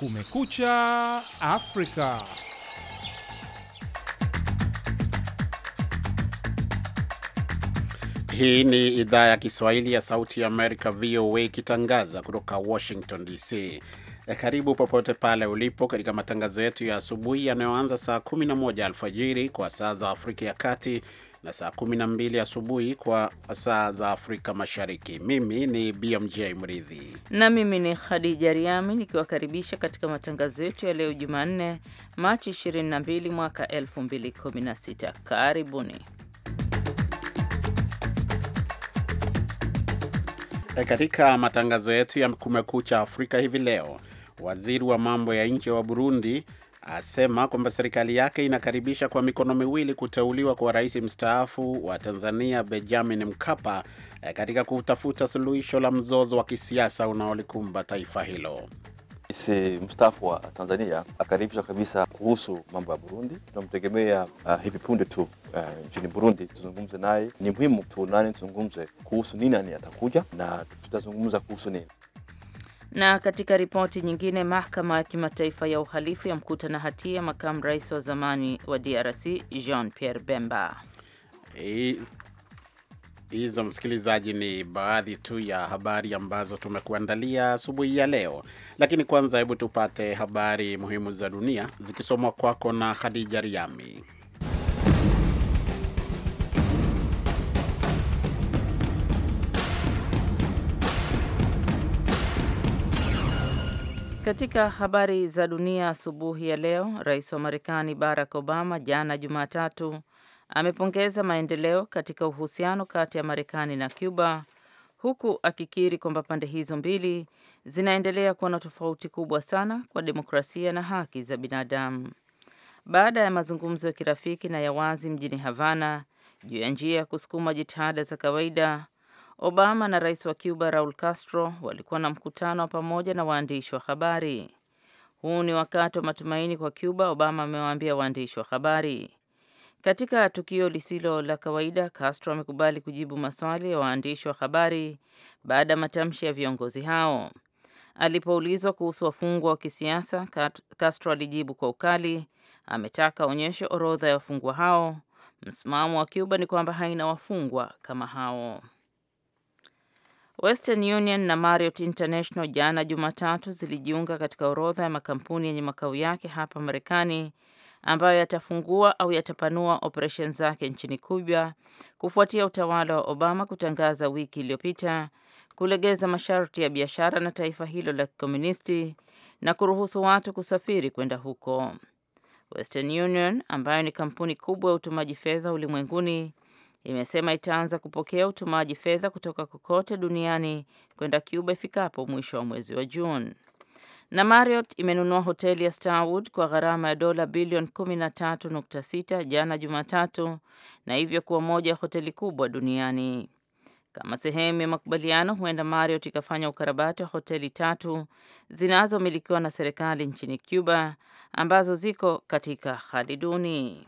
Kumekucha Afrika. Hii ni idhaa ya Kiswahili ya Sauti ya Amerika, VOA, ikitangaza kutoka Washington DC. E, karibu popote pale ulipo katika matangazo yetu ya asubuhi yanayoanza saa 11 alfajiri kwa saa za Afrika ya Kati na saa 12 asubuhi kwa saa za Afrika Mashariki. Mimi ni BMJ Mridhi na mimi ni Khadija Riami nikiwakaribisha katika matangazo yetu ya leo Jumanne, Machi 22 mwaka 2016. Karibuni. E, katika matangazo yetu ya Kumekucha Afrika hivi leo, waziri wa mambo ya nje wa Burundi asema kwamba serikali yake inakaribisha kwa mikono miwili kuteuliwa kwa rais mstaafu wa Tanzania Benjamin Mkapa eh, katika kutafuta suluhisho la mzozo wa kisiasa unaolikumba taifa hilo. Rais eh, mstaafu wa Tanzania akaribishwa kabisa kuhusu mambo ya Burundi. Tunamtegemea uh, hivi punde tu nchini uh, Burundi, tuzungumze naye. Ni muhimu tuonane, tuzungumze kuhusu nini, nani atakuja na tutazungumza kuhusu nini. Na katika ripoti nyingine, mahakama ya kimataifa ya uhalifu yamkuta na hatia makamu rais wa zamani wa DRC Jean Pierre Bemba. Hizo msikilizaji, ni baadhi tu ya habari ambazo tumekuandalia asubuhi ya leo, lakini kwanza, hebu tupate habari muhimu za dunia zikisomwa kwako na Khadija Riami. Katika habari za dunia asubuhi ya leo, rais wa Marekani Barack Obama jana Jumatatu amepongeza maendeleo katika uhusiano kati ya Marekani na Cuba, huku akikiri kwamba pande hizo mbili zinaendelea kuwa na tofauti kubwa sana kwa demokrasia na haki za binadamu. Baada ya mazungumzo ya kirafiki na ya wazi mjini Havana juu ya njia ya kusukuma jitihada za kawaida Obama na rais wa Cuba Raul Castro walikuwa na mkutano wa pamoja na waandishi wa habari. Huu ni wakati wa matumaini kwa Cuba, Obama amewaambia waandishi wa habari. Katika tukio lisilo la kawaida, Castro amekubali kujibu maswali ya waandishi wa habari baada ya matamshi ya viongozi hao. Alipoulizwa kuhusu wafungwa wa kisiasa, Castro alijibu kwa ukali, ametaka onyesho orodha ya wafungwa hao. Msimamo wa Cuba ni kwamba haina wafungwa kama hao. Western Union na Marriott International jana Jumatatu zilijiunga katika orodha ya makampuni yenye makao yake hapa Marekani ambayo yatafungua au yatapanua operesheni zake nchini Cuba kufuatia utawala wa Obama kutangaza wiki iliyopita kulegeza masharti ya biashara na taifa hilo la kikomunisti na kuruhusu watu kusafiri kwenda huko. Western Union ambayo ni kampuni kubwa ya utumaji fedha ulimwenguni imesema itaanza kupokea utumaji fedha kutoka kokote duniani kwenda Cuba ifikapo mwisho wa mwezi wa Juni. Na Marriott imenunua hoteli ya Starwood kwa gharama ya dola bilioni 13.6 jana Jumatatu, na hivyo kuwa moja ya hoteli kubwa duniani. Kama sehemu ya makubaliano, huenda Marriott ikafanya ukarabati wa hoteli tatu zinazomilikiwa na serikali nchini Cuba ambazo ziko katika hali duni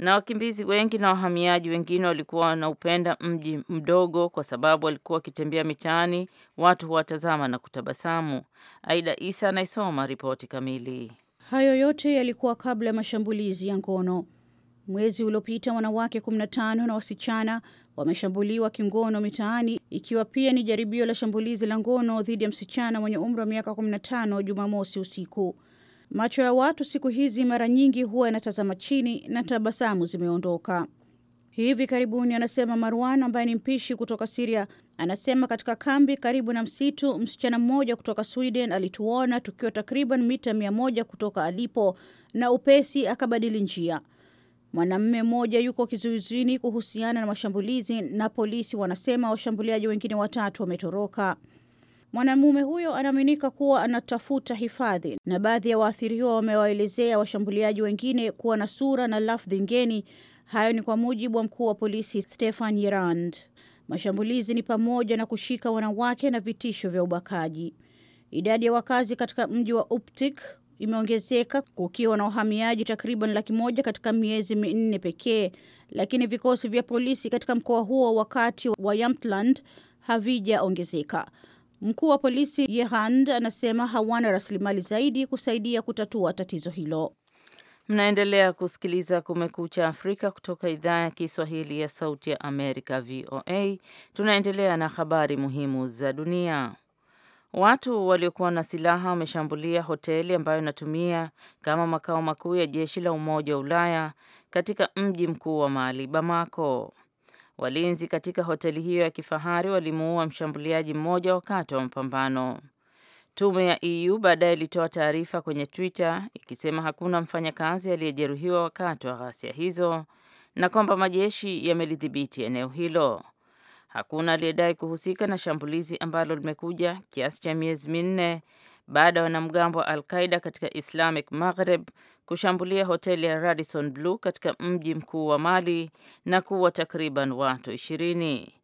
na wakimbizi wengi na wahamiaji wengine walikuwa wanaupenda mji mdogo kwa sababu walikuwa wakitembea mitaani, watu huwatazama na kutabasamu. Aida Isa anaisoma ripoti kamili. Hayo yote yalikuwa kabla ya mashambulizi ya ngono. Mwezi uliopita wanawake 15 na wasichana wameshambuliwa kingono mitaani, ikiwa pia ni jaribio la shambulizi la ngono dhidi ya msichana mwenye umri wa miaka 15 Jumamosi usiku. Macho ya watu siku hizi mara nyingi huwa yanatazama chini na tabasamu zimeondoka. Hivi karibuni, anasema Marwan ambaye ni mpishi kutoka Siria, anasema katika kambi karibu na msitu, msichana mmoja kutoka Sweden alituona tukiwa takriban mita mia moja kutoka alipo, na upesi akabadili njia. Mwanamume mmoja yuko kizuizini kuhusiana na mashambulizi, na polisi wanasema washambuliaji wengine watatu wametoroka. Mwanamume huyo anaaminika kuwa anatafuta hifadhi, na baadhi ya waathiriwa wamewaelezea washambuliaji wengine kuwa na sura na lafdhi ngeni. Hayo ni kwa mujibu wa mkuu wa polisi Stefan Yerand. Mashambulizi ni pamoja na kushika wanawake na vitisho vya ubakaji. Idadi ya wakazi katika mji wa Uptik imeongezeka kukiwa na uhamiaji takriban laki moja katika miezi minne pekee, lakini vikosi vya polisi katika mkoa huo wakati wa Yamtland havijaongezeka. Mkuu wa polisi Yehand anasema hawana rasilimali zaidi kusaidia kutatua tatizo hilo. Mnaendelea kusikiliza Kumekucha Afrika kutoka idhaa ya Kiswahili ya Sauti ya Amerika, VOA. Tunaendelea na habari muhimu za dunia. Watu waliokuwa na silaha wameshambulia hoteli ambayo inatumia kama makao makuu ya jeshi la Umoja wa Ulaya katika mji mkuu wa Mali, Bamako. Walinzi katika hoteli hiyo ya kifahari walimuua mshambuliaji mmoja wakati wa mapambano. Tume ya EU baadaye ilitoa taarifa kwenye Twitter ikisema hakuna mfanyakazi aliyejeruhiwa wakati wa ghasia hizo na kwamba majeshi yamelidhibiti eneo hilo. Hakuna aliyedai kuhusika na shambulizi ambalo limekuja kiasi cha miezi minne baada ya wanamgambo wa Al-Qaida katika Islamic Maghreb kushambulia hoteli ya Radisson Blue katika mji mkuu wa Mali na kuua takriban watu ishirini.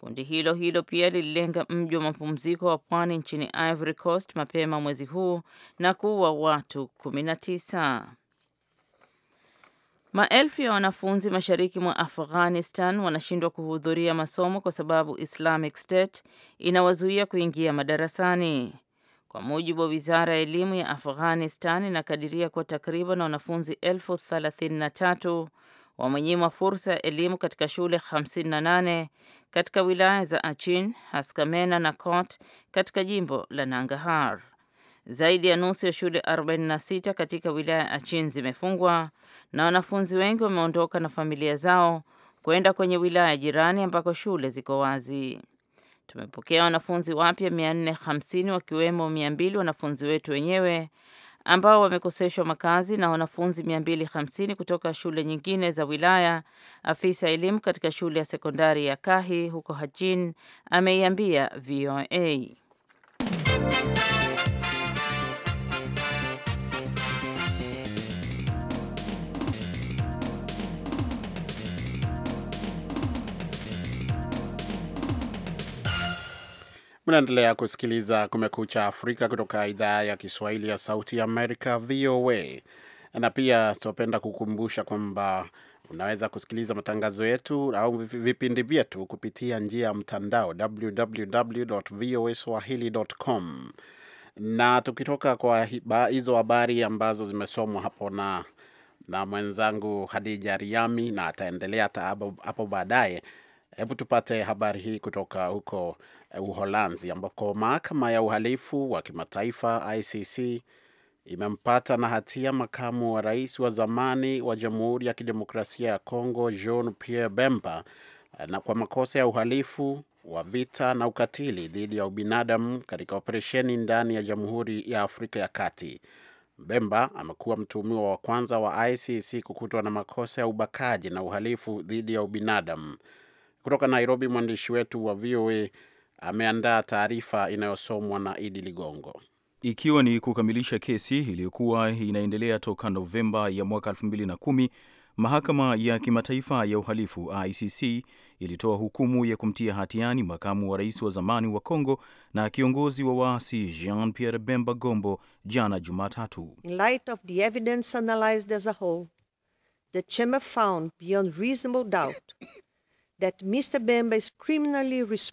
Kundi hilo hilo pia lililenga mji wa mapumziko wa pwani nchini Ivory Coast mapema mwezi huu na kuua watu 19. Maelfu ya wanafunzi mashariki mwa Afghanistan wanashindwa kuhudhuria masomo kwa sababu Islamic State inawazuia kuingia madarasani. Kwa mujibu wa wizara ya elimu ya Afghanistan, inakadiria kuwa takriban wanafunzi elfu thelathini na tatu wamenyimwa fursa ya elimu katika shule 58 katika wilaya za Achin, Haskamena na Kot katika jimbo la Nangahar. Zaidi ya nusu ya shule 46 katika wilaya ya Achin zimefungwa na wanafunzi wengi wameondoka na familia zao kwenda kwenye wilaya jirani ambako shule ziko wazi. Tumepokea wanafunzi wapya 450 wakiwemo 200 wanafunzi wetu wenyewe ambao wamekoseshwa makazi na wanafunzi 250 kutoka shule nyingine za wilaya. Afisa elimu katika shule ya sekondari ya Kahi huko Hajin ameiambia VOA. Mnaendelea kusikiliza Kumekucha Afrika kutoka idhaa ya Kiswahili ya Sauti ya Amerika, VOA. Na pia tunapenda kukumbusha kwamba unaweza kusikiliza matangazo yetu au vipindi vyetu kupitia njia ya mtandao www voa swahili.com. Na tukitoka kwa hizo habari ambazo zimesomwa hapo na na mwenzangu Hadija Riami na ataendelea hapo baadaye. Hebu tupate habari hii kutoka huko Eh, Uholanzi, ambako mahakama ya uhalifu wa kimataifa ICC imempata na hatia makamu wa rais wa zamani wa Jamhuri ya Kidemokrasia ya Kongo Jean Pierre Bemba eh, na kwa makosa ya uhalifu wa vita na ukatili dhidi ya ubinadamu katika operesheni ndani ya Jamhuri ya Afrika ya Kati. Bemba amekuwa mtuhumiwa wa kwanza wa ICC kukutwa na makosa ya ubakaji na uhalifu dhidi ya ubinadamu. Kutoka Nairobi, mwandishi wetu wa VOA ameandaa taarifa inayosomwa na Idi Ligongo. Ikiwa ni kukamilisha kesi iliyokuwa inaendelea toka Novemba ya mwaka 2010, mahakama ya kimataifa ya uhalifu ICC ilitoa hukumu ya kumtia hatiani makamu wa rais wa zamani wa congo na kiongozi wa waasi Jean Pierre Bemba Gombo jana Jumatatu. In light of the evidence analyzed as a whole, the chamber found beyond reasonable doubt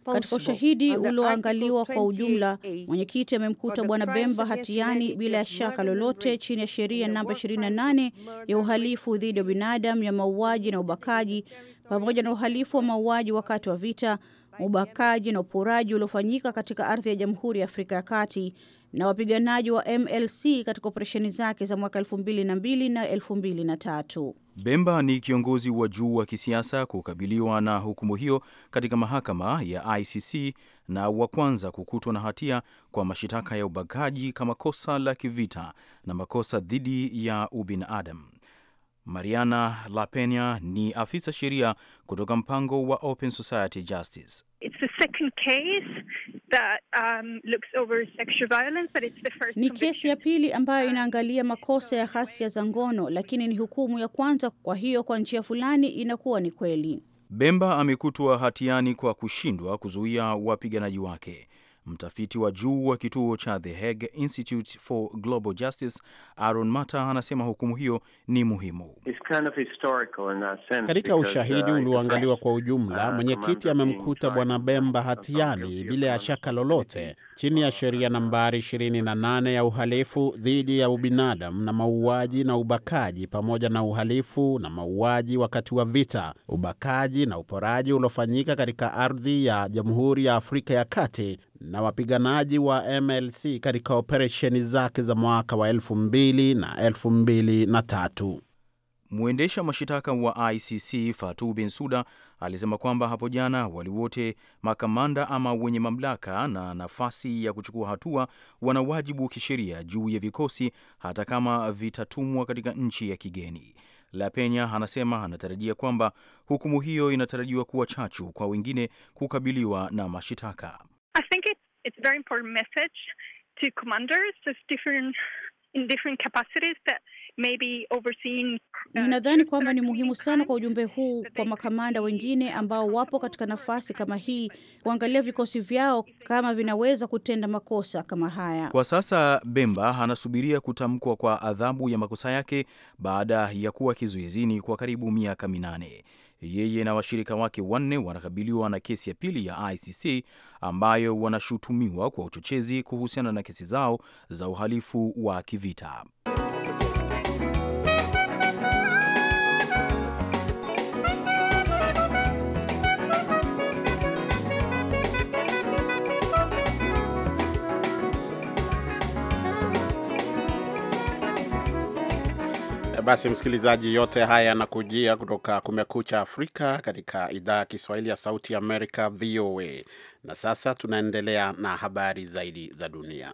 katika ushahidi ulioangaliwa kwa ujumla, mwenyekiti amemkuta bwana Bemba hatiani bila ya shaka lolote chini ya sheria namba 28 ya uhalifu dhidi ya binadamu ya mauaji na ubakaji, pamoja na uhalifu wa mauaji wakati wa vita, ubakaji na uporaji uliofanyika katika ardhi ya Jamhuri ya Afrika ya Kati na wapiganaji wa MLC katika operesheni zake za mwaka 2002 na 2003. Bemba ni kiongozi wa juu wa kisiasa kukabiliwa na hukumu hiyo katika mahakama ya ICC na wa kwanza kukutwa na hatia kwa mashitaka ya ubakaji kama kosa la kivita na makosa dhidi ya ubinadamu. Mariana Lapena ni afisa sheria kutoka mpango wa Open Society Justice. Ni kesi ya pili ambayo uh, inaangalia makosa ya ghasia za ngono, lakini ni hukumu ya kwanza, kwa hiyo kwa njia fulani inakuwa ni kweli. Bemba amekutwa hatiani kwa kushindwa kuzuia wapiganaji wake. Mtafiti wa juu wa kituo cha The Hague Institute for Global Justice Aaron Mata anasema hukumu hiyo ni muhimu kind of katika ushahidi uh, ulioangaliwa kwa ujumla. Uh, mwenyekiti amemkuta Bwana Bemba hatiani bila ya shaka lolote chini ya sheria uh, nambari 28 ya uhalifu dhidi ya ubinadamu na mauaji na ubakaji, pamoja na uhalifu na mauaji wakati wa vita, ubakaji na uporaji uliofanyika katika ardhi ya Jamhuri ya Afrika ya Kati na wapiganaji wa MLC katika operesheni zake za mwaka wa 2000 na 2003. Mwendesha mashitaka wa ICC Bin Suda alisema kwamba hapo jana wali wote makamanda ama wenye mamlaka na nafasi ya kuchukua hatua wana wajibu kisheria juu ya vikosi hata kama vitatumwa katika nchi ya kigeni. La Penya anasema anatarajia kwamba hukumu hiyo inatarajiwa kuwa chachu kwa wengine kukabiliwa na mashitaka. I think it's it's a very important message to commanders of different in different capacities that maybe uh, ninadhani kwamba ni muhimu sana kwa ujumbe huu kwa makamanda wengine ambao wapo katika nafasi kama hii kuangalia vikosi vyao kama vinaweza kutenda makosa kama haya. Kwa sasa Bemba anasubiria kutamkwa kwa adhabu ya makosa yake baada ya kuwa kizuizini kwa karibu miaka minane. Yeye na washirika wake wanne wanakabiliwa na kesi ya pili ya ICC ambayo wanashutumiwa kwa uchochezi kuhusiana na kesi zao za uhalifu wa kivita. Basi msikilizaji, yote haya yanakujia kutoka Kumekucha Afrika katika idhaa ya Kiswahili ya Sauti Amerika, VOA. Na sasa tunaendelea na habari zaidi za dunia.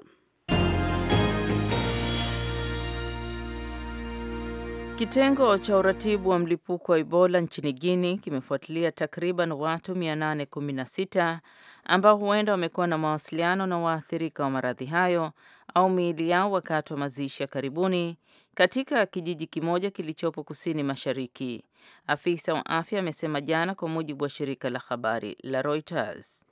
Kitengo cha uratibu wa mlipuko wa Ebola nchini guini kimefuatilia takriban watu 816 ambao huenda wamekuwa na mawasiliano na waathirika wa maradhi hayo au miili yao wakati wa mazishi ya karibuni, katika kijiji kimoja kilichopo kusini mashariki. Afisa wa afya amesema jana, kwa mujibu wa shirika la habari la Reuters.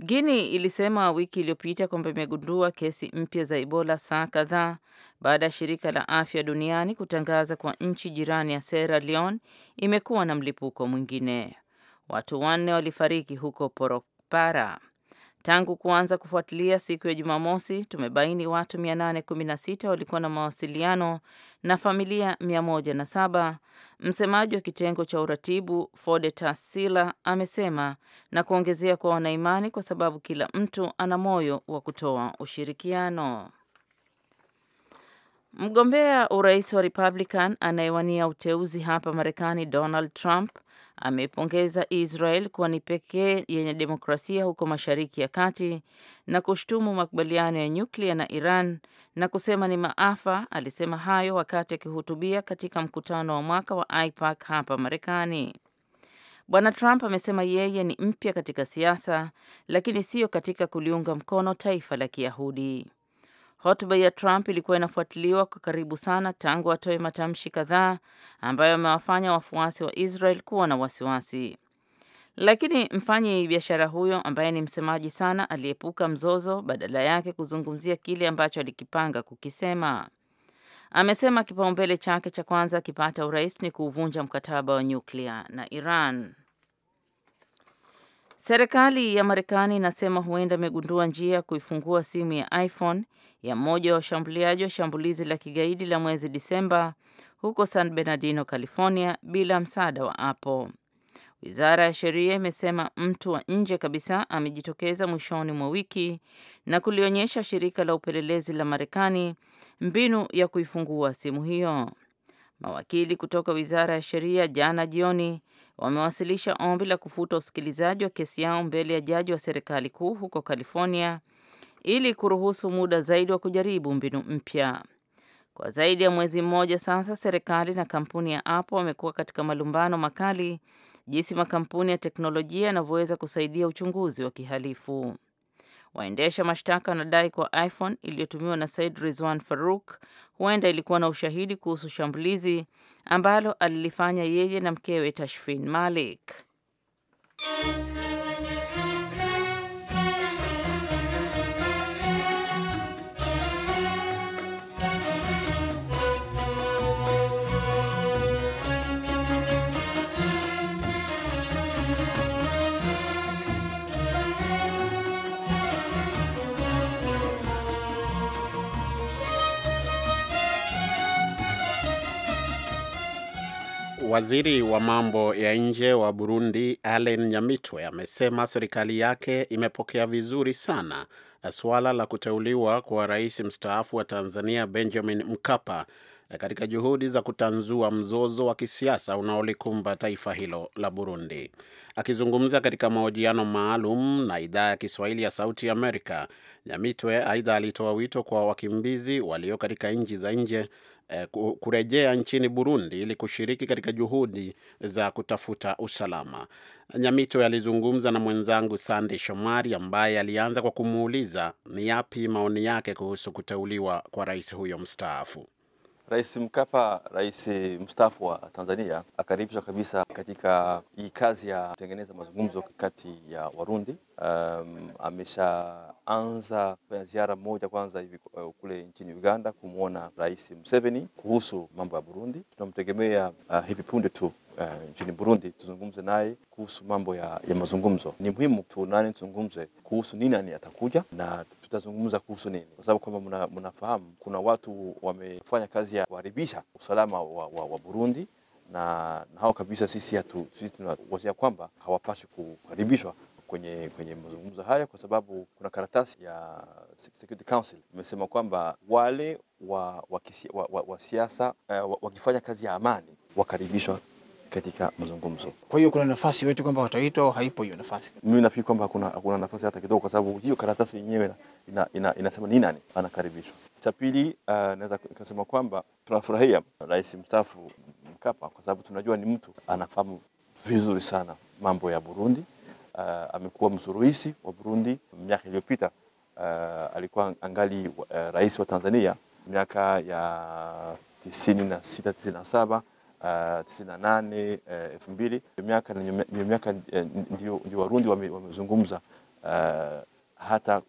guini ilisema wiki iliyopita kwamba imegundua kesi mpya za Ebola saa kadhaa baada ya shirika la afya duniani kutangaza kwa nchi jirani ya Sierra Leone imekuwa na mlipuko mwingine. Watu wanne walifariki huko Porokpara. Tangu kuanza kufuatilia siku ya Jumamosi, tumebaini watu 816 walikuwa na mawasiliano na familia 107. Msemaji wa kitengo cha uratibu Fode Sila amesema na kuongezea kwa wanaimani kwa sababu kila mtu ana moyo wa kutoa ushirikiano. Mgombea urais wa Republican anayewania uteuzi hapa Marekani Donald Trump amepongeza Israel kuwa ni pekee yenye demokrasia huko Mashariki ya Kati na kushtumu makubaliano ya nyuklia na Iran na kusema ni maafa. Alisema hayo wakati akihutubia katika mkutano wa mwaka wa IPAC hapa Marekani. Bwana Trump amesema yeye ni mpya katika siasa, lakini siyo katika kuliunga mkono taifa la Kiyahudi. Hotuba ya Trump ilikuwa inafuatiliwa kwa karibu sana tangu atoe matamshi kadhaa ambayo amewafanya wafuasi wa Israel kuwa na wasiwasi. Lakini mfanyi biashara huyo ambaye ni msemaji sana aliepuka mzozo, badala yake kuzungumzia kile ambacho alikipanga kukisema. Amesema kipaumbele chake cha kwanza akipata urais ni kuuvunja mkataba wa nyuklia na Iran. Serikali ya Marekani inasema huenda imegundua njia ya kuifungua simu ya iPhone ya mmoja wa washambuliaji wa shambulizi la kigaidi la mwezi Disemba huko San Bernardino, California bila msaada wa Apple. Wizara ya Sheria imesema mtu wa nje kabisa amejitokeza mwishoni mwa wiki na kulionyesha shirika la upelelezi la Marekani mbinu ya kuifungua simu hiyo. Mawakili kutoka Wizara ya Sheria jana jioni wamewasilisha ombi la kufuta usikilizaji wa kesi yao mbele ya jaji wa serikali kuu huko California ili kuruhusu muda zaidi wa kujaribu mbinu mpya. Kwa zaidi ya mwezi mmoja sasa, serikali na kampuni ya Apple wamekuwa katika malumbano makali jinsi makampuni ya teknolojia yanavyoweza kusaidia uchunguzi wa kihalifu. Waendesha mashtaka wanadai kwa iPhone iliyotumiwa na Said Rizwan Farouk huenda ilikuwa na ushahidi kuhusu shambulizi ambalo alilifanya yeye na mkewe Tashfin Malik. Waziri wa mambo ya nje wa Burundi Alain Nyamitwe amesema serikali yake imepokea vizuri sana suala la kuteuliwa kwa rais mstaafu wa Tanzania Benjamin Mkapa katika juhudi za kutanzua mzozo wa kisiasa unaolikumba taifa hilo la Burundi. Akizungumza katika mahojiano maalum na idhaa ya Kiswahili ya Sauti Amerika, Nyamitwe aidha alitoa wito kwa wakimbizi walio katika nchi za nje Eh, kurejea nchini Burundi ili kushiriki katika juhudi za kutafuta usalama. Nyamito yalizungumza na mwenzangu Sande Shomari ambaye alianza kwa kumuuliza ni yapi maoni yake kuhusu kuteuliwa kwa rais huyo mstaafu. Rais Mkapa, rais mstaafu wa Tanzania, akaribishwa kabisa katika hii kazi ya kutengeneza mazungumzo kati ya Warundi. Um, ameshaanza kufanya ziara moja kwanza hivi uh, kule nchini Uganda kumwona Rais Museveni kuhusu mambo ya Burundi. Tunamtegemea uh, hivi punde tu uh, eh, nchini Burundi tuzungumze naye kuhusu mambo ya, ya mazungumzo. Ni muhimu tuonane, tuzungumze kuhusu nini ani atakuja na tutazungumza kuhusu nini, kwa sababu kama mnafahamu kuna watu wamefanya kazi ya kuharibisha usalama wa, wa, wa Burundi na, na hao kabisa sisi hatu, sisi tunawazia kwamba hawapaswi kuharibishwa kwenye, kwenye mazungumzo haya kwa sababu kuna karatasi ya Security Council imesema kwamba wale wa, wa, wa, wa, wa siasa uh, wakifanya kazi ya amani wakaribishwa katika mazungumzo. Kwa hiyo kuna nafasi yote kwamba wataitwa au haipo hiyo nafasi? Mimi nafikiri kwamba hakuna, hakuna nafasi hata kidogo, kwa sababu hiyo karatasi yenyewe ina, ina, inasema ni nani anakaribishwa. Cha pili, uh, naweza kusema kwamba tunafurahia rais mstaafu Mkapa kwa sababu tunajua ni mtu anafahamu vizuri sana mambo ya Burundi. Uh, amekuwa msuruhisi wa Burundi miaka iliyopita. Uh, alikuwa angali uh, rais wa Tanzania miaka ya tisini na sita tisini na saba tisini na nane eh, elfu mbili miaka eh, ndio miaka ndio Warundi wamezungumza eh, hata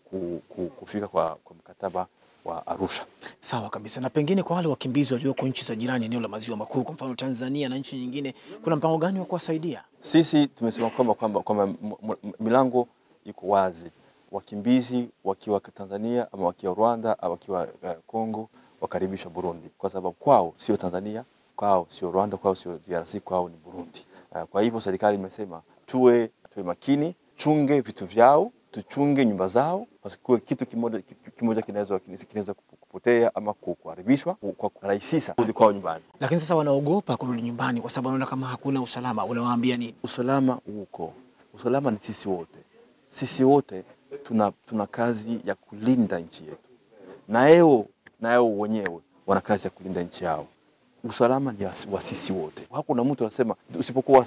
kufika kwa, kwa mkataba wa Arusha. Sawa kabisa. Na pengine kwa wale wakimbizi walioko nchi za jirani, eneo la maziwa makuu, kwa mfano Tanzania na nchi nyingine, kuna mpango gani wa kuwasaidia? Sisi tumesema kwamba kwamba kwamba milango iko wazi, wakimbizi wakiwa Tanzania ama wakiwa Rwanda au wakiwa Kongo, wakaribishwa Burundi, kwa sababu kwao sio Tanzania kwao sio Rwanda, kwao sio DRC, kwao ni Burundi. Ah, kwa hivyo serikali imesema tuwe tuwe makini, chunge vitu vyao, tuchunge nyumba zao, pasikuwe kitu kimoja kimoja kinaweza kinaweza kupotea ama kuharibishwa kwa kurahisisha kurudi kwao nyumbani. Lakini sasa wanaogopa kurudi nyumbani kwa sababu wanaona kama hakuna usalama. Unawaambia nini? Usalama uko, usalama ni sisi wote, sisi wote tuna, tuna kazi ya kulinda nchi yetu, na yao na yao wenyewe wana kazi ya kulinda nchi yao usalama ni wa sisi wote. Hakuna mtu anasema usipokuwa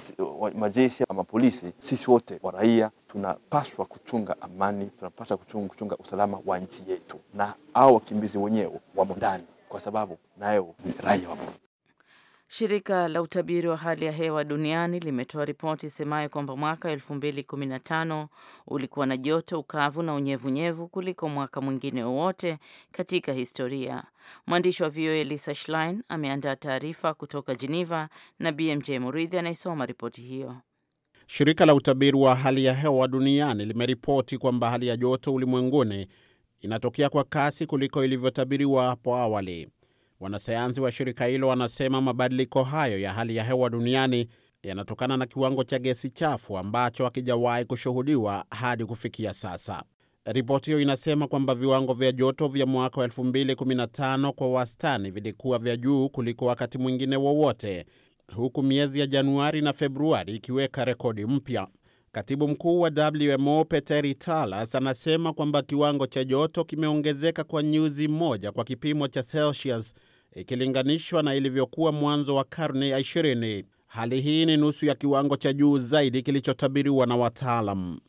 majeshi ama polisi, sisi wote wa raia tunapaswa kuchunga amani, tunapaswa kuchunga, kuchunga usalama wa nchi yetu, na hao wakimbizi wenyewe wamo ndani, kwa sababu nayo ni raia wa Shirika la utabiri wa hali ya hewa duniani limetoa ripoti isemayo kwamba mwaka 2015 ulikuwa na joto, ukavu na unyevunyevu kuliko mwaka mwingine wowote katika historia. Mwandishi wa VOA Lisa Schlein ameandaa taarifa kutoka Geneva na BMJ Muridhi anayesoma ripoti hiyo. Shirika la utabiri wa hali ya hewa duniani limeripoti kwamba hali ya joto ulimwenguni inatokea kwa kasi kuliko ilivyotabiriwa hapo awali. Wanasayansi wa shirika hilo wanasema mabadiliko hayo ya hali ya hewa duniani yanatokana na kiwango cha gesi chafu ambacho hakijawahi kushuhudiwa hadi kufikia sasa. Ripoti hiyo inasema kwamba viwango vya joto vya mwaka wa 2015 kwa wastani vilikuwa vya juu kuliko wakati mwingine wowote huku miezi ya Januari na Februari ikiweka rekodi mpya. Katibu mkuu wa WMO Peteri Talas anasema kwamba kiwango cha joto kimeongezeka kwa nyuzi moja kwa kipimo cha Celsius ikilinganishwa na ilivyokuwa mwanzo wa karne ya 20 Hali hii ni nusu ya kiwango cha juu zaidi kilichotabiriwa na wataalam.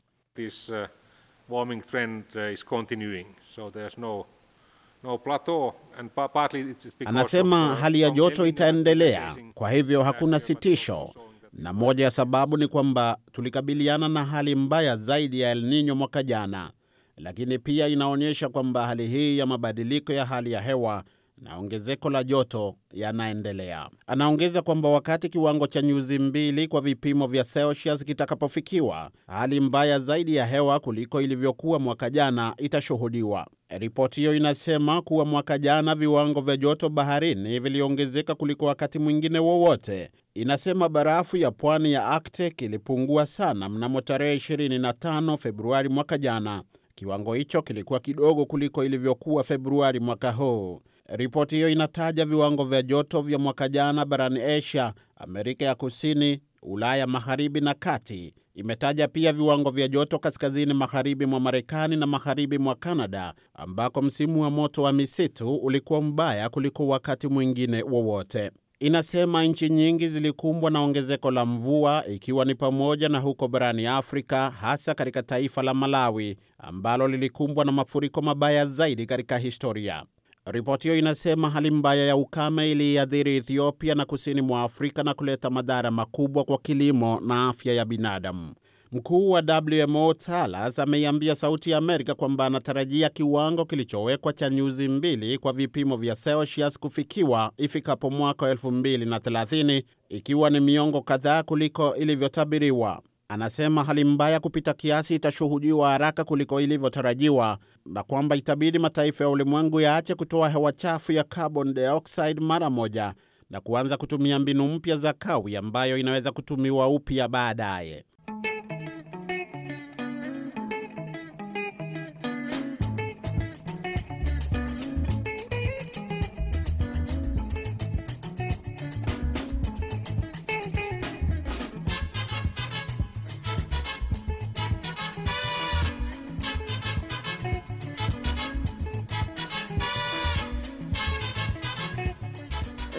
anasema uh, hali ya joto itaendelea, kwa hivyo hakuna sitisho na moja ya sababu ni kwamba tulikabiliana na hali mbaya zaidi ya El Nino mwaka jana, lakini pia inaonyesha kwamba hali hii ya mabadiliko ya hali ya hewa na ongezeko la joto yanaendelea. Anaongeza kwamba wakati kiwango cha nyuzi mbili kwa vipimo vya Celsius kitakapofikiwa, hali mbaya zaidi ya hewa kuliko ilivyokuwa mwaka jana itashuhudiwa. Ripoti hiyo inasema kuwa mwaka jana viwango vya joto baharini viliongezeka kuliko wakati mwingine wowote. Inasema barafu ya pwani ya Arctic ilipungua sana mnamo tarehe 25 Februari mwaka jana. Kiwango hicho kilikuwa kidogo kuliko ilivyokuwa Februari mwaka huu. Ripoti hiyo inataja viwango vya joto vya mwaka jana barani Asia, Amerika ya Kusini, Ulaya magharibi na kati. Imetaja pia viwango vya joto kaskazini magharibi mwa Marekani na magharibi mwa Kanada, ambako msimu wa moto wa misitu ulikuwa mbaya kuliko wakati mwingine wowote. Inasema nchi nyingi zilikumbwa na ongezeko la mvua ikiwa ni pamoja na huko barani Afrika, hasa katika taifa la Malawi ambalo lilikumbwa na mafuriko mabaya zaidi katika historia. Ripoti hiyo inasema hali mbaya ya ukame iliathiri Ethiopia na kusini mwa Afrika na kuleta madhara makubwa kwa kilimo na afya ya binadamu. Mkuu wa WMO Talas ameiambia Sauti ya Amerika kwamba anatarajia kiwango kilichowekwa cha nyuzi mbili kwa vipimo vya Celsius kufikiwa ifikapo mwaka 2030 ikiwa ni miongo kadhaa kuliko ilivyotabiriwa. Anasema hali mbaya kupita kiasi itashuhudiwa haraka kuliko ilivyotarajiwa na kwamba itabidi mataifa ya ulimwengu yaache kutoa hewa chafu ya carbon dioxide mara moja na kuanza kutumia mbinu mpya za kawi ambayo inaweza kutumiwa upya baadaye.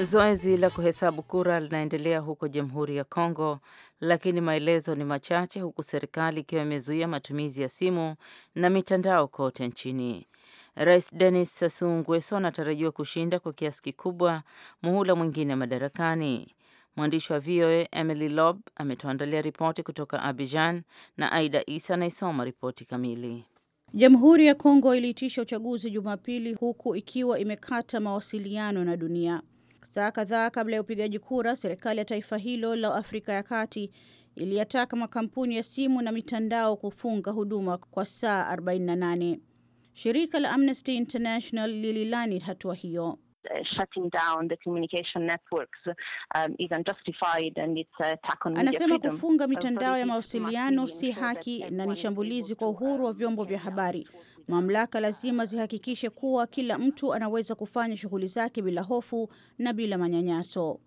Zoezi la kuhesabu kura linaendelea huko Jamhuri ya Kongo, lakini maelezo ni machache, huku serikali ikiwa imezuia matumizi ya simu na mitandao kote nchini. Rais Denis Sassou Nguesso anatarajiwa kushinda kwa kiasi kikubwa muhula mwingine madarakani. Mwandishi wa VOA Emily Lob ametuandalia ripoti kutoka Abidjan na Aida Isa anaisoma ripoti kamili. Jamhuri ya Kongo iliitisha uchaguzi Jumapili huku ikiwa imekata mawasiliano na dunia. Saa kadhaa kabla ya upigaji kura, serikali ya taifa hilo la Afrika ya Kati iliyataka makampuni ya simu na mitandao kufunga huduma kwa saa 48. Shirika la Amnesty International lililani hatua hiyo. Uh, um, Anasema kufunga mitandao ya mawasiliano si haki na ni shambulizi kwa uhuru wa vyombo vya habari. Mamlaka lazima zihakikishe kuwa kila mtu anaweza kufanya shughuli zake bila hofu na bila manyanyaso.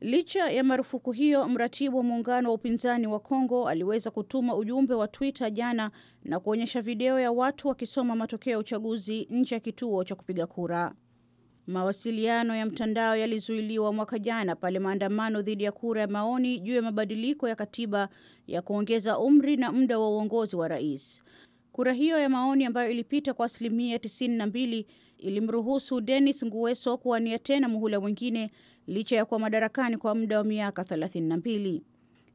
Licha ya marufuku hiyo, mratibu wa muungano wa upinzani wa Kongo aliweza kutuma ujumbe wa Twitter jana na kuonyesha video ya watu wakisoma matokeo ya uchaguzi nje ya kituo cha kupiga kura. Mawasiliano ya mtandao yalizuiliwa mwaka jana pale maandamano dhidi ya kura ya maoni juu ya mabadiliko ya katiba ya kuongeza umri na muda wa uongozi wa rais. Kura hiyo ya maoni ambayo ilipita kwa asilimia 92 ilimruhusu Denis ngueso kuwania tena muhula mwingine licha ya kuwa madarakani kwa muda wa miaka 32.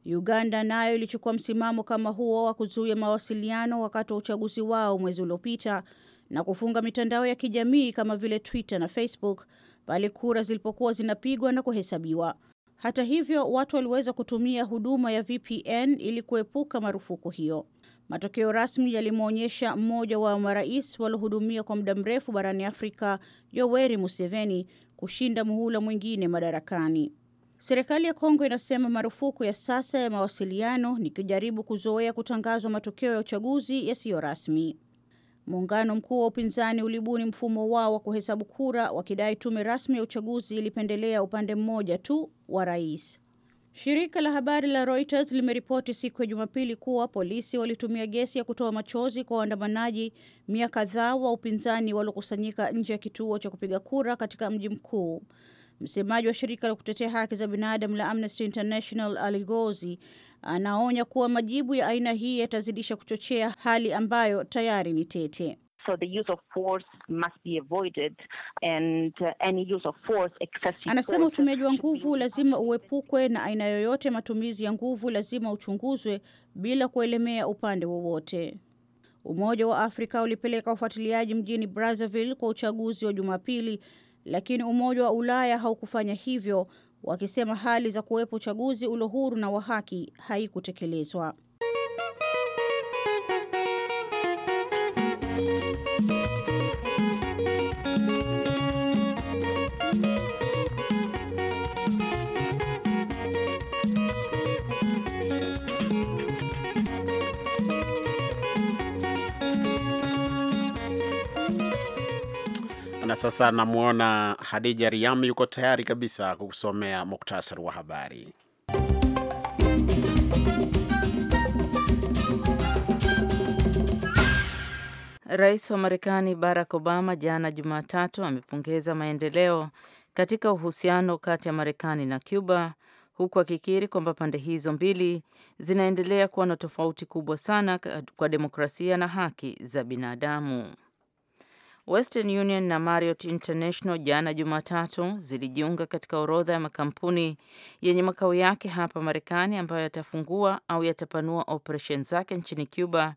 Uganda nayo ilichukua msimamo kama huo wa kuzuia mawasiliano wakati wa uchaguzi wao mwezi uliopita na kufunga mitandao ya kijamii kama vile Twitter na Facebook pale kura zilipokuwa zinapigwa na kuhesabiwa. Hata hivyo, watu waliweza kutumia huduma ya VPN ili kuepuka marufuku hiyo. Matokeo rasmi yalimwonyesha mmoja wa marais walohudumia kwa muda mrefu barani Afrika, Yoweri Museveni, kushinda muhula mwingine madarakani. Serikali ya Kongo inasema marufuku ya sasa ya mawasiliano ni kujaribu kuzoea kutangazwa matokeo ya uchaguzi yasiyo rasmi. Muungano mkuu wa upinzani ulibuni mfumo wao wa kuhesabu kura, wakidai tume rasmi ya uchaguzi ilipendelea upande mmoja tu wa rais. Shirika la habari la Reuters limeripoti siku ya Jumapili kuwa polisi walitumia gesi ya kutoa machozi kwa waandamanaji mia kadhaa wa upinzani waliokusanyika nje ya kituo cha kupiga kura katika mji mkuu. Msemaji wa shirika la kutetea haki za binadamu la Amnesty International Aligozi anaonya kuwa majibu ya aina hii yatazidisha kuchochea hali ambayo tayari ni tete. So the use of force must be avoided and uh, any use of force, excessive anasema utumiaji wa nguvu lazima uepukwe na aina yoyote matumizi ya nguvu lazima uchunguzwe bila kuelemea upande wowote. Umoja wa Afrika ulipeleka ufuatiliaji mjini Brazzaville kwa uchaguzi wa Jumapili, lakini Umoja wa Ulaya haukufanya hivyo, wakisema hali za kuwepo uchaguzi ulio huru na wa haki haikutekelezwa. Sasa namwona Hadija Riam yuko tayari kabisa kukusomea muktasari wa habari. Rais wa Marekani Barack Obama jana Jumatatu amepongeza maendeleo katika uhusiano kati ya Marekani na Cuba huku akikiri kwamba pande hizo mbili zinaendelea kuwa na tofauti kubwa sana kwa demokrasia na haki za binadamu. Western Union na Marriott International jana Jumatatu zilijiunga katika orodha ya makampuni yenye makao yake hapa Marekani ambayo yatafungua au yatapanua operesheni zake nchini Cuba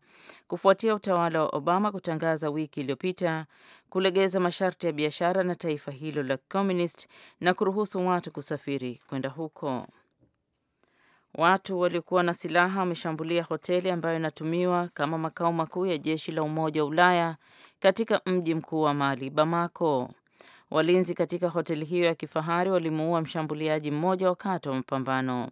kufuatia utawala wa Obama kutangaza wiki iliyopita kulegeza masharti ya biashara na taifa hilo la communist na kuruhusu watu kusafiri kwenda huko. Watu waliokuwa na silaha wameshambulia hoteli ambayo inatumiwa kama makao makuu ya jeshi la Umoja wa Ulaya katika mji mkuu wa Mali, Bamako. Walinzi katika hoteli hiyo ya kifahari walimuua mshambuliaji mmoja wakati wa mapambano.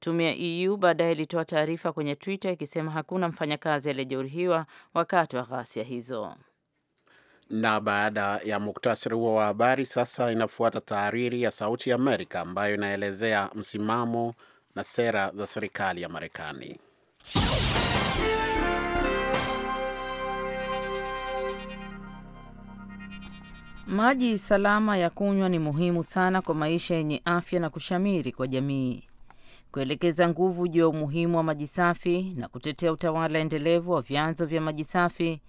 Tume ya EU baadaye ilitoa taarifa kwenye Twitter ikisema hakuna mfanyakazi aliyejeruhiwa wakati wa ghasia hizo. Na baada ya muktasari huo wa habari, sasa inafuata tahariri ya Sauti ya Amerika ambayo inaelezea msimamo na sera za serikali ya Marekani. Maji salama ya kunywa ni muhimu sana kwa maisha yenye afya na kushamiri kwa jamii. Kuelekeza nguvu juu ya umuhimu wa maji safi na kutetea utawala endelevu wa vyanzo vya maji safi,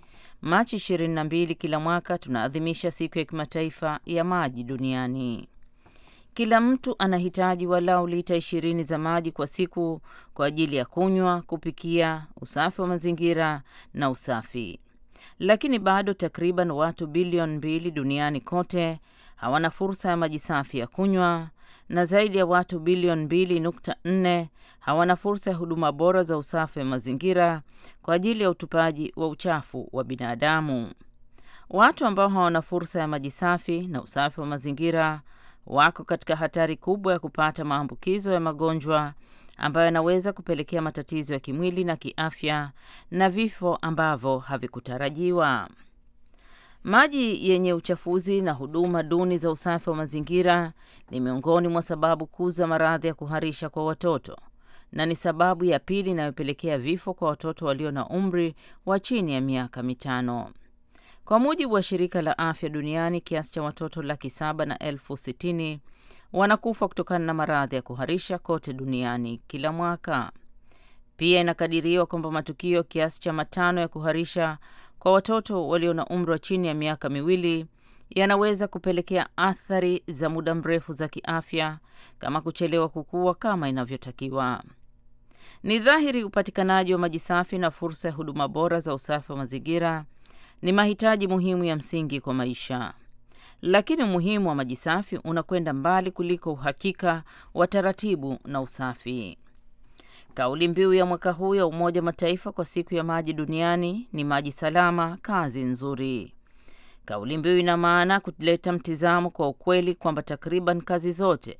Machi 22 kila mwaka tunaadhimisha siku ya kimataifa ya maji duniani. Kila mtu anahitaji walau lita ishirini za maji kwa siku kwa ajili ya kunywa, kupikia, usafi wa mazingira na usafi lakini bado takriban watu bilioni mbili duniani kote hawana fursa ya maji safi ya kunywa na zaidi ya watu bilioni mbili nukta nne hawana fursa ya huduma bora za usafi wa mazingira kwa ajili ya utupaji wa uchafu wa binadamu. Watu ambao hawana fursa ya maji safi na usafi wa mazingira wako katika hatari kubwa ya kupata maambukizo ya magonjwa ambayo yanaweza kupelekea matatizo ya kimwili na kiafya na vifo ambavyo havikutarajiwa. Maji yenye uchafuzi na huduma duni za usafi wa mazingira ni miongoni mwa sababu kuu za maradhi ya kuharisha kwa watoto na ni sababu ya pili inayopelekea vifo kwa watoto walio na umri wa chini ya miaka mitano. Kwa mujibu wa shirika la afya duniani, kiasi cha watoto laki saba na elfu sitini wanakufa kutokana na maradhi ya kuharisha kote duniani kila mwaka. Pia inakadiriwa kwamba matukio kiasi cha matano ya kuharisha kwa watoto walio na umri wa chini ya miaka miwili yanaweza kupelekea athari za muda mrefu za kiafya kama kuchelewa kukua kama inavyotakiwa. Ni dhahiri upatikanaji wa maji safi na fursa ya huduma bora za usafi wa mazingira ni mahitaji muhimu ya msingi kwa maisha lakini umuhimu wa maji safi unakwenda mbali kuliko uhakika wa taratibu na usafi. Kauli mbiu ya mwaka huu ya Umoja wa Mataifa kwa siku ya maji duniani ni maji salama, kazi nzuri. Kauli mbiu ina maana kuleta mtizamo kwa ukweli kwamba takriban kazi zote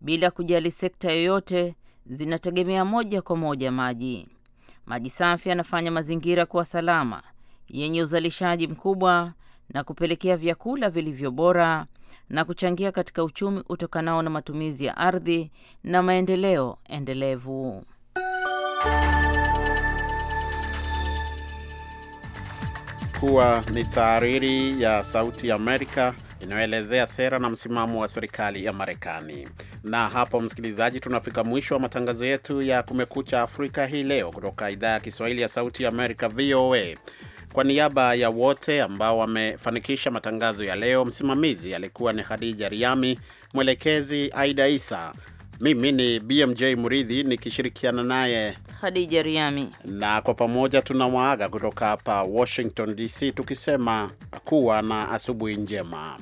bila kujali sekta yoyote zinategemea moja kwa moja maji. Maji safi yanafanya mazingira kuwa salama, yenye uzalishaji mkubwa na kupelekea vyakula vilivyo bora na kuchangia katika uchumi utokanao na matumizi ya ardhi na maendeleo endelevu. Kuwa ni tahariri ya Sauti ya Amerika inayoelezea sera na msimamo wa serikali ya Marekani. Na hapo, msikilizaji, tunafika mwisho wa matangazo yetu ya Kumekucha Afrika hii leo kutoka idhaa ya Kiswahili ya Sauti ya Amerika, VOA. Kwa niaba ya wote ambao wamefanikisha matangazo ya leo, msimamizi alikuwa ni Khadija Riami, mwelekezi Aida Isa. Mimi ni BMJ Muridhi nikishirikiana naye Khadija Riami, na kwa pamoja tunawaaga kutoka hapa Washington DC tukisema kuwa na asubuhi njema.